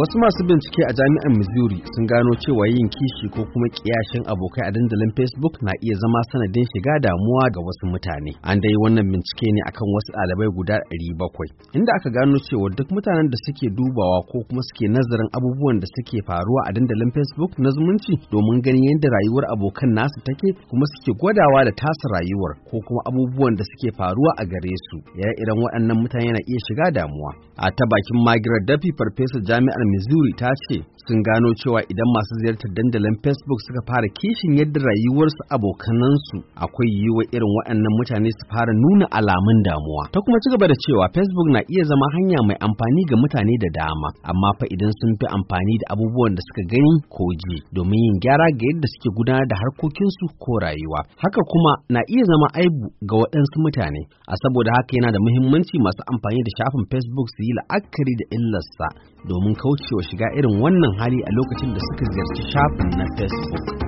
wasu masu bincike a jami'ar missouri sun gano cewa yin kishi ko kuma kiyashin abokai a dandalin facebook na iya zama sanadin shiga damuwa ga wasu mutane an dai wannan bincike ne akan wasu ɗalibai guda 700 inda aka gano cewa duk mutanen da suke dubawa ko kuma suke nazarin abubuwan da suke faruwa a dandalin facebook na zumunci domin ganin yadda rayuwar abokan nasu take kuma suke gwadawa da tasa rayuwar ko kuma abubuwan da suke faruwa a gare su ya irin waɗannan mutane na iya shiga damuwa a ta bakin margaret duffy farfesa jami'ar missouri ta ce sun gano cewa idan masu ziyartar dandalin facebook suka fara kishin yadda rayuwarsu abokanansu akwai yiwuwar irin waɗannan mutane su fara nuna alamun damuwa ta kuma ci gaba da cewa facebook na iya zama hanya mai amfani ga mutane da dama amma fa idan sun fi amfani da abubuwan da suka gani ko ji domin yin gyara ga yadda suke gudanar da harkokinsu ko rayuwa haka kuma na iya zama aibu ga waɗansu mutane a saboda haka yana da muhimmanci masu amfani da shafin facebook su yi la'akari da illarsa domin kawai kaucewa shiga irin wannan hali a lokacin da suka ziyarci shafin na facebook